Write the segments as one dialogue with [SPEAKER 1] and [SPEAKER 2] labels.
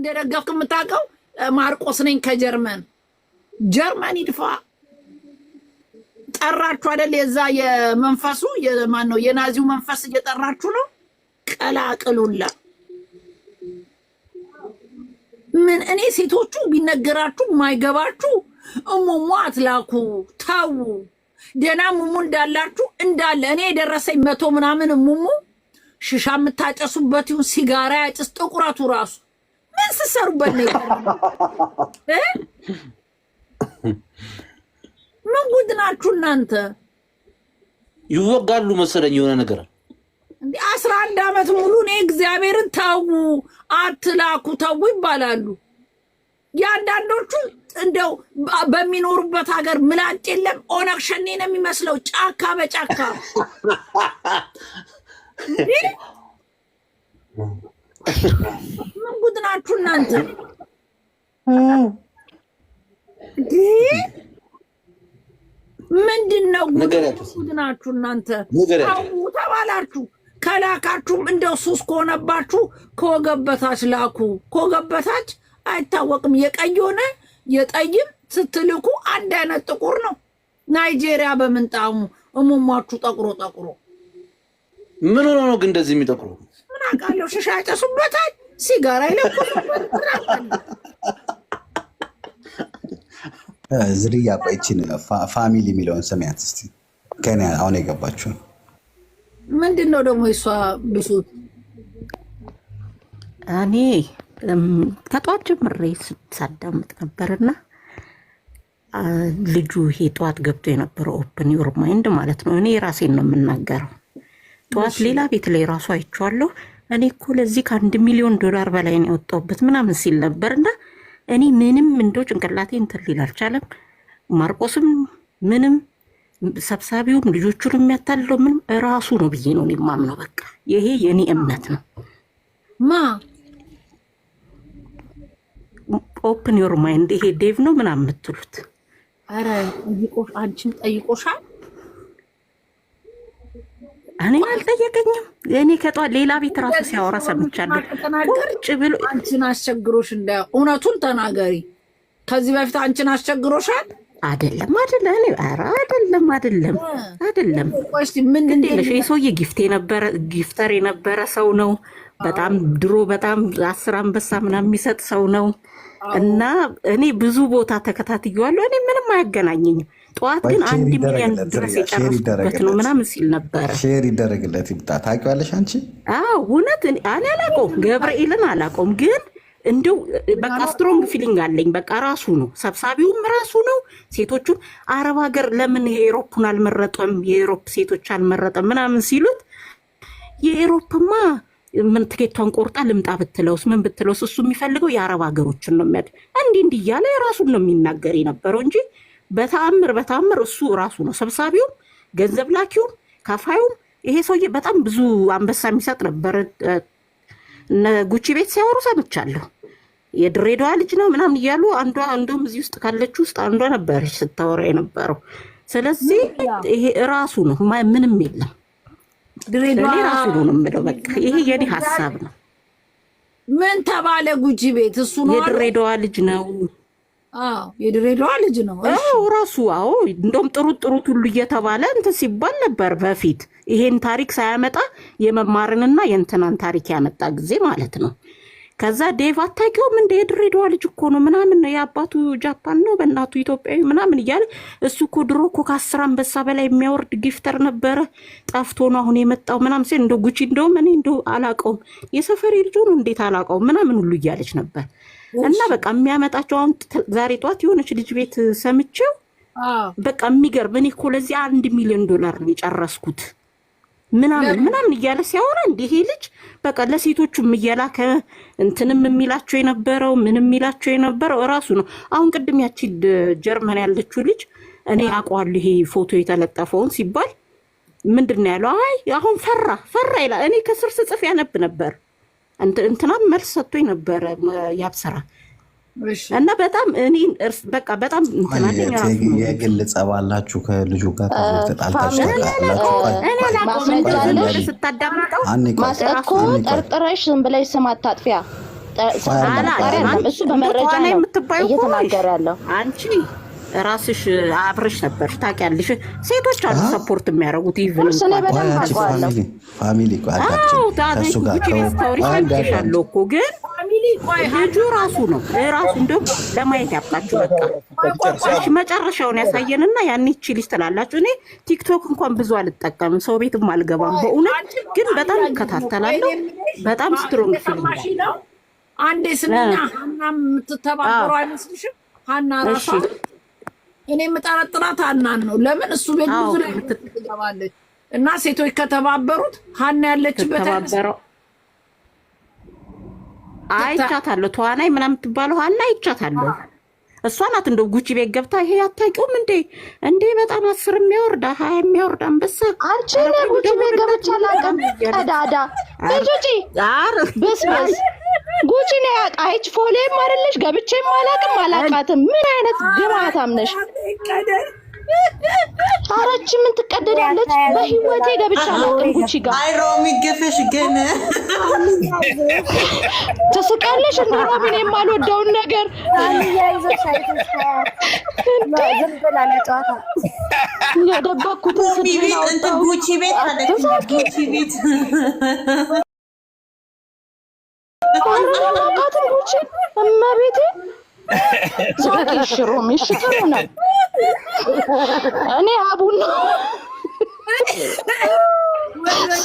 [SPEAKER 1] እንደደገፍክ የምታውቀው ማርቆስ ነኝ ከጀርመን ጀርመን ይድፋ ጠራችሁ አይደል? የዛ የመንፈሱ የማን ነው? የናዚው መንፈስ እየጠራችሁ ነው። ቀላቅሉላ ምን እኔ ሴቶቹ ቢነገራችሁ የማይገባችሁ እሙሙ አትላኩ ታው ደና ሙሙ እንዳላችሁ እንዳለ እኔ የደረሰኝ መቶ ምናምን ሙሙ ሽሻ የምታጨሱበት ይሁን ሲጋራ ያጭስ ጥቁረቱ ራሱ ምን ነው? ምን ጉድ ናችሁ እናንተ!
[SPEAKER 2] ይወጋሉ መሰለኝ የሆነ ነገር
[SPEAKER 1] እንደ አስራ አንድ አመት ሙሉ እኔ እግዚአብሔርን ተው አትላኩ ተዉ ይባላሉ። የአንዳንዶቹ እንደው በሚኖሩበት ሀገር ምላጭ የለም። ኦነግ ሸኔ ነው የሚመስለው ጫካ በጫካ ጉድ ናችሁ እናንተ። ምንድን ነው ጉድ ናችሁ እናንተ? ተባላችሁ ከላካችሁም እንደው ሱስ ከሆነባችሁ ከወገብ በታች ላኩ። ከወገብ በታች አይታወቅም። የቀይ ሆነ የጠይም ስትልኩ አንድ አይነት ጥቁር ነው። ናይጄሪያ በምንጣሙ እሙሟችሁ ጠቁሮ ጠቁሮ
[SPEAKER 2] ምን ሆኖ ነው ግን እንደዚህ የሚጠቁሩ?
[SPEAKER 1] ምን አውቃለሁ። ሽሻ ያጨሱበታል ሲጋራ
[SPEAKER 2] ዝርያ ቆይችን ፋሚሊ የሚለውን ስሚያት እስኪ። ከኔ አሁን የገባችው
[SPEAKER 1] ምንድን ነው ደግሞ የሷ ብሱት?
[SPEAKER 3] እኔ ከጠዋት ጀምሬ ሳዳምጥ ነበርና ልጁ ይሄ ጠዋት ገብቶ የነበረው ኦፕን ዮር ማይንድ ማለት ነው። እኔ ራሴን ነው የምናገረው። ጠዋት ሌላ ቤት ላይ ራሱ አይቼዋለሁ። እኔ እኮ ለዚህ ከአንድ ሚሊዮን ዶላር በላይ ነው የወጣሁበት ምናምን ሲል ነበር። እና እኔ ምንም እንደው ጭንቅላቴ እንትን ሊል አልቻለም። ማርቆስም ምንም ሰብሳቢውም ልጆቹን የሚያታልለው ምንም ራሱ ነው ብዬ ነው የማምነው። በቃ ይሄ የእኔ እምነት ነው። ማ ኦፕን ዮር ማይንድ ይሄ ዴቭ ነው ምናምን የምትሉት
[SPEAKER 1] አንቺም ጠይቆሻል
[SPEAKER 3] እኔ አልጠየቀኝም። እኔ ከጧት ሌላ ቤት ራሱ ሲያወራ ሰምቻለሁ።
[SPEAKER 1] ቁርጭ ብሎ አንቺን አስቸግሮሽ እንደ እውነቱን ተናገሪ። ከዚህ በፊት አንቺን አስቸግሮሻል?
[SPEAKER 3] አደለም፣ አይደለም፣ እኔ ኧረ አደለም፣ አደለም፣ አደለም። ምንድነሽ? ሰውዬ ጊፍት የነበረ ጊፍተር የነበረ ሰው ነው። በጣም ድሮ በጣም አስር አንበሳ ምናምን የሚሰጥ ሰው ነው። እና እኔ ብዙ ቦታ ተከታትየዋለሁ። እኔ ምንም አያገናኘኝም። ጠዋት ግን አንድ ሚሊዮን ድረስ
[SPEAKER 2] የጨረሱበት ነው ምናምን ሲል ነበረ። ሼር ይደረግለት ይምጣ። ታውቂዋለሽ አንቺ?
[SPEAKER 3] አዎ እውነት እኔ አላውቀውም፣ ገብርኤልን አላውቀውም፣ ግን እንደው በቃ ስትሮንግ ፊሊንግ አለኝ። በቃ ራሱ ነው ሰብሳቢውም ራሱ ነው። ሴቶቹን አረብ ሀገር ለምን የኤሮፑን አልመረጠም የኤሮፕ ሴቶች አልመረጠም ምናምን ሲሉት የኤሮፕማ ምን ትኬቷን ቆርጣ ልምጣ ብትለውስ ምን ብትለውስ እሱ የሚፈልገው የአረብ ሀገሮችን ነው የሚያ እንዲህ እንዲህ እያለ ራሱን ነው የሚናገር የነበረው እንጂ በተአምር በተአምር እሱ ራሱ ነው ሰብሳቢውም፣ ገንዘብ ላኪውም፣ ከፋዩም። ይሄ ሰውዬ በጣም ብዙ አንበሳ የሚሰጥ ነበር። እነ ጉቺ ቤት ሲያወሩ ሰምቻለሁ። የድሬዳዋ ልጅ ነው ምናምን እያሉ አንዷ እንደውም እዚህ ውስጥ ካለች ውስጥ አንዷ ነበረች ስታወራ የነበረው። ስለዚህ ይሄ ራሱ ነው፣ ምንም የለም። እኔ ራሱ ነው የምለው። በቃ ይሄ የኔ ሀሳብ ነው።
[SPEAKER 1] ምን ተባለ? ጉጂ ቤት እሱ ነው
[SPEAKER 3] የድሬዳዋ ልጅ ነው
[SPEAKER 1] የድሬዳዋ ልጅ ነው
[SPEAKER 3] ራሱ። አዎ እንደውም ጥሩት ጥሩት ሁሉ እየተባለ እንትን ሲባል ነበር በፊት። ይሄን ታሪክ ሳያመጣ የመማርንና የእንትናን ታሪክ ያመጣ ጊዜ ማለት ነው። ከዛ ዴቭ አታውቂውም እንደ የድሬዳዋ ልጅ እኮ ነው ምናምን የአባቱ ጃፓን ነው በእናቱ ኢትዮጵያዊ ምናምን እያለ እሱ እኮ ድሮ እኮ ከአስር አንበሳ በላይ የሚያወርድ ጊፍተር ነበረ፣ ጠፍቶ ነው አሁን የመጣው ምናም ሲል እንደ ጉቺ እንደውም እኔ እንደ አላውቀውም የሰፈሬ ልጅ ሆኖ እንዴት አላውቀውም ምናምን ሁሉ እያለች ነበር። እና በቃ የሚያመጣቸው አሁን ዛሬ ጠዋት የሆነች ልጅ ቤት ሰምቼው በቃ የሚገርም እኔ እኮ ለዚህ አንድ ሚሊዮን ዶላር ነው የጨረስኩት ምናምን ምናምን እያለ ሲያወራ እንዲህ ይሄ ልጅ በቃ ለሴቶቹም እያላከ እንትንም የሚላቸው የነበረው ምንም የሚላቸው የነበረው እራሱ ነው። አሁን ቅድም ያቺ ጀርመን ያለችው ልጅ እኔ አውቀዋለሁ ይሄ ፎቶ የተለጠፈውን ሲባል ምንድን ነው ያለው? አይ አሁን ፈራ ፈራ ይላል። እኔ ከስር ስጽፍ ያነብ ነበር እንትናም መልስ ሰጥቶኝ ነበረ ያብሰራ እና በጣም እኔ በቃ በጣም
[SPEAKER 2] የግል ጸባላችሁ ከልጁ ጋር
[SPEAKER 1] ተጣልታችሁቃላችሁእኮ ጠርጥረሽ ዝም ብለሽ ስም አታጥፊያ። እሱ በመረጃ ነው እየተናገረ ያለው አንቺ ራስሽ አብረሽ ነበርሽ ታውቂያለሽ። ሴቶች አሉ ሰፖርት የሚያደርጉት
[SPEAKER 2] ይቨንስቶሪሻለሁ
[SPEAKER 1] እኮ ግን ልጁ ራሱ ነው ራሱ እንደው ለማየት ያብቃችሁ። በቃ መጨረሻውን ያሳየንና ያኔ ቺ ልጅ ትላላችሁ። እኔ ቲክቶክ እንኳን ብዙ አልጠቀምም፣ ሰው ቤትም አልገባም። በእውነት ግን በጣም እከታተላለሁ። በጣም ስትሮንግ ፊልም ነው። አንዴ ስንኛ ሀና የምትተባበሩ አይመስልሽም? ሀና ራሷ እኔ የምጠረጥራት ሀናን ነው። ለምን እሱ ቤት ብዙ ላይ ትገባለች እና ሴቶች ከተባበሩት ሀና ያለችበት
[SPEAKER 3] አይቻታለሁ። ተዋናይ ምናምን የምትባለው ሀና አይቻታለሁ። እሷ ናት እንደ ጉቺ ቤት ገብታ ይሄ አታውቂውም እንዴ እንዴ በጣም አስር የሚያወርዳ ሀያ የሚያወርዳ አንበሳ
[SPEAKER 1] አንቺ ጉቺ ቤት ገብቻ አላውቅም። ቀዳዳ ጭ በስበስ ጉቺ ነው ያውቃ አይች ፎሌም አይደለሽ ገብቼም አላውቅም አላውቃትም። ምን አይነት ግማታም ነሽ? ትቀደድ። አረች ምን ትቀደዳለች? በህይወቴ ገብቻ አላውቅም። ጉቺ ጋር
[SPEAKER 3] አይ ሮሚ ግፍሽ ግን
[SPEAKER 1] ትስቃለሽ። እንደ ሮሚን የማልወደውን ነገር
[SPEAKER 3] የደበኩትን ጉቺ ቤት አለች።
[SPEAKER 1] ሶቂ ሽሮ ምሽት ነው። እኔ አቡና እንዴ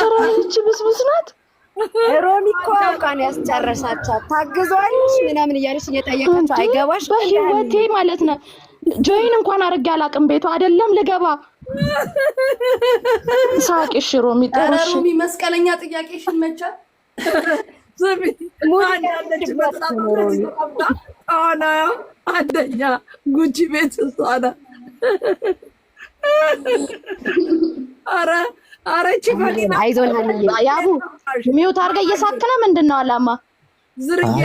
[SPEAKER 1] ሰራች ብስብስ ናት።
[SPEAKER 3] ሮሚ እኮ አውቃን ያስጨረሳቻት ታግዘዋለች
[SPEAKER 1] ምናምን እያለች እየጠየቀች አይገባሽ። በህይወቴ ማለት ነው ጆይን እንኳን አድርጌ አላውቅም። ቤቷ አይደለም ልገባ ሳቂ ሽሮ
[SPEAKER 3] ሚጠሩሽ ሮሚ መስቀለኛ ጥያቄሽን መቻል
[SPEAKER 1] ጣና አንደኛ ጉቺ ቤት እሷ ናት። አረች አይዞን ሚውት አድርጋ እየሳክ ምንድን ነው አላማ?
[SPEAKER 2] ዝርያዬ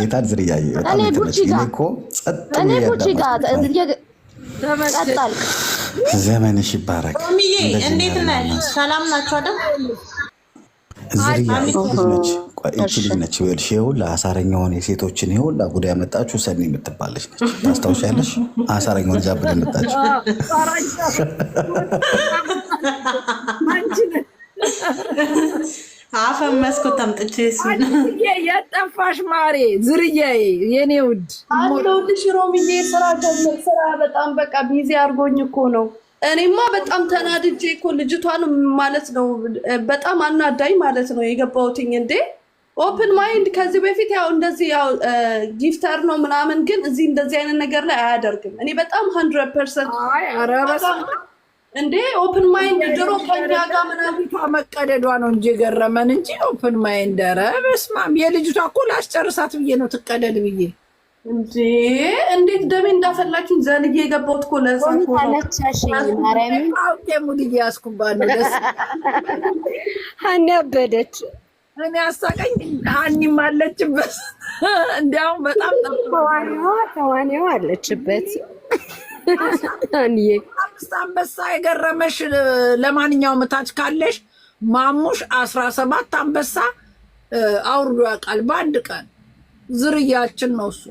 [SPEAKER 2] ጌታን ዝርያዬ በጣም
[SPEAKER 1] ተመችቶኛል እኮ
[SPEAKER 2] ዘመንሽ ይባረክ።
[SPEAKER 1] እንዴት ነሽ? ሰላም ናቸው አደ
[SPEAKER 2] ዝርያ ነች እቺ ልጅ ነች። ይኸውልሽ የሁላ አሳረኛ የሴቶችን የሁላ ጉዳይ ያመጣችሁ ሰኒ የምትባለች ነች። ታስታውሻለሽ? አሳረኛውን ዛብ ያመጣችው
[SPEAKER 3] አንቺ ነሽ። አፈመስኩት አምጥቼ እሱን
[SPEAKER 1] የጠፋሽ ማሬ ዝርያዬ የኔ ውድ አለሁልሽ ሮምዬ። ስራ ጀምር ስራ። በጣም በቃ ቢዚ አድርጎኝ እኮ ነው። እኔማ በጣም ተናድጄ እኮ ልጅቷን ማለት ነው በጣም አናዳኝ ማለት ነው የገባሁትኝ። እንዴ ኦፕን ማይንድ ከዚህ በፊት ያው እንደዚህ ያው ጊፍተር ነው ምናምን፣ ግን እዚህ እንደዚህ አይነት ነገር ላይ አያደርግም። እኔ በጣም ሀንድረድ ፐርሰንት እንዴ ኦፕን ማይንድ ድሮ ከኛ ጋር ምናምን
[SPEAKER 3] መቀደዷ ነው እንጂ የገረመን እንጂ ኦፕን ማይንድ። ኧረ በስመ አብ የልጅቷ እኮ ላስጨርሳት ብዬ ነው ትቀደድ ብዬ
[SPEAKER 1] እንዴ እንዴት ደሜ እንዳፈላችሁ ዘንዬ የገባሁት እኮ ለዛ ሙድ እያስኩባለ ደስ
[SPEAKER 3] ሀኒ አበደች።
[SPEAKER 1] እኔ አሳቀኝ። ሀኒም አለችበት እንዲያውም በጣም
[SPEAKER 3] ተዋኒዋ ተዋኒዋ አለችበት
[SPEAKER 1] ሀኒዬ አምስት አንበሳ የገረመሽ ለማንኛውም እታች ካለሽ ማሙሽ አስራ ሰባት አንበሳ አውርዶ ያውቃል በአንድ ቀን ዝርያችን ነው እሱ።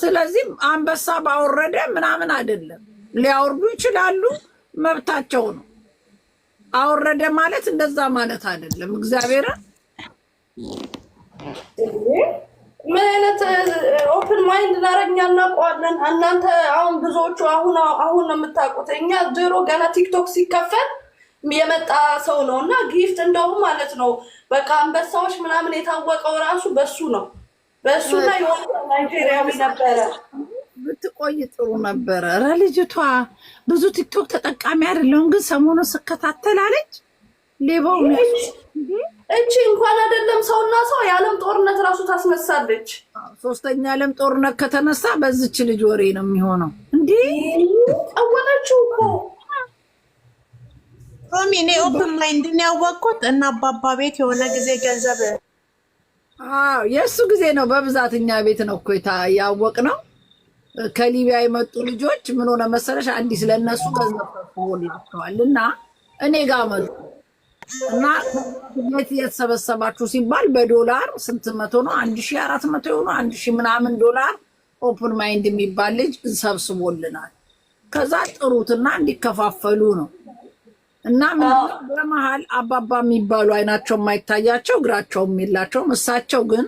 [SPEAKER 1] ስለዚህ አንበሳ ባወረደ ምናምን አይደለም፣ ሊያወርዱ ይችላሉ፣ መብታቸው ነው። አወረደ ማለት እንደዛ ማለት አይደለም። እግዚአብሔርን ምን አይነት ኦፕን ማይንድ እናረግኛ እናውቀዋለን። እናንተ አሁን ብዙዎቹ አሁን አሁን ነው የምታውቁት። እኛ ድሮ ገና ቲክቶክ ሲከፈል የመጣ ሰው ነው እና ጊፍት እንደውም ማለት ነው በቃ አንበሳዎች ምናምን የታወቀው ራሱ በሱ ነው በሱ እና የሆነ ናይጄሪያዊ ነበረ ብትቆይ ጥሩ ነበረ። ኧረ ልጅቷ ብዙ ቲክቶክ ተጠቃሚ አይደለሁም ግን ሰሞኑን ስከታተላለች ሌባው እቺ እንኳን አይደለም ሰውና ሰው የዓለም ጦርነት ራሱ ታስነሳለች። ሶስተኛ የዓለም ጦርነት ከተነሳ በዚች ልጅ ወሬ ነው የሚሆነው። እንዴ ቀወጠችው እኮ ሮሚ። እኔ ኦፕን ማይንድ ነው ያወቅኩት እና አባባ ቤት የሆነ ጊዜ ገንዘብ የእሱ ጊዜ ነው በብዛት እኛ ቤት ነው እኮ ያወቅ ነው። ከሊቢያ የመጡ ልጆች ምን ሆነ መሰለሽ፣ አዲስ ለእነሱ ገንዘብ ተሆን ይላቸዋል እና እኔ ጋር መጡ እና የት የተሰበሰባችሁ ሲባል በዶላር ስንት መቶ ነው? አንድ ሺ አራት መቶ የሆኑ አንድ ሺ ምናምን ዶላር ኦፕን ማይንድ የሚባል ልጅ እንሰብስቦልናል ከዛ ጥሩትና እንዲከፋፈሉ ነው። እና በመሀል አባባ የሚባሉ አይናቸው የማይታያቸው እግራቸው የሚላቸው እሳቸው ግን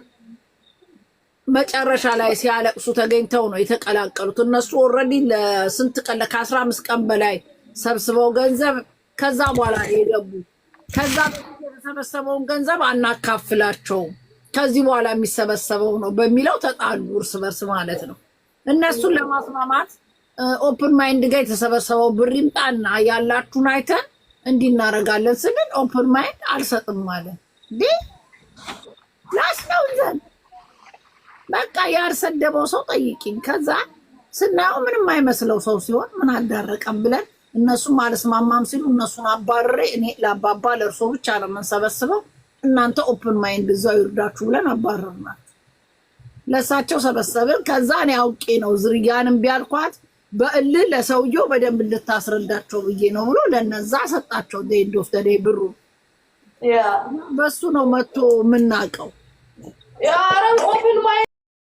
[SPEAKER 1] መጨረሻ ላይ ሲያለቅሱ ተገኝተው ነው የተቀላቀሉት። እነሱ ኦልሬዲ ለስንት ቀን ከአስራ አምስት ቀን በላይ ሰብስበው ገንዘብ ከዛ በኋላ የገቡት ከዛ የተሰበሰበውን ገንዘብ አናካፍላቸውም፣ ከዚህ በኋላ የሚሰበሰበው ነው በሚለው ተጣሉ፣ እርስ በርስ ማለት ነው። እነሱን ለማስማማት ኦፕን ማይንድ ጋር የተሰበሰበው ብር ይምጣና ያላችሁን አይተን እንዲህ እናደርጋለን ስንል ኦፕን ማይንድ አልሰጥም ማለት ዲ ላስ ነው ዘን በቃ ያልሰደበው ሰው ጠይቂኝ። ከዛ ስናየው ምንም አይመስለው ሰው ሲሆን ምን አዳረቀም ብለን እነሱም አልስማማም ሲሉ እነሱን አባረሬ እኔ ለአባባ ለእርሶ ብቻ ነው የምንሰበስበው፣ እናንተ ኦፕን ማይንድ እዛው ይርዳችሁ ብለን አባረርናት። ለእሳቸው ሰበሰብን። ከዛ እኔ አውቄ ነው ዝርያንም ቢያልኳት በእልህ ለሰውየው በደንብ እንድታስረዳቸው ብዬ ነው ብሎ ለነዛ ሰጣቸው። ዴንድ ተደይ ብሩ በሱ ነው መቶ የምናውቀው።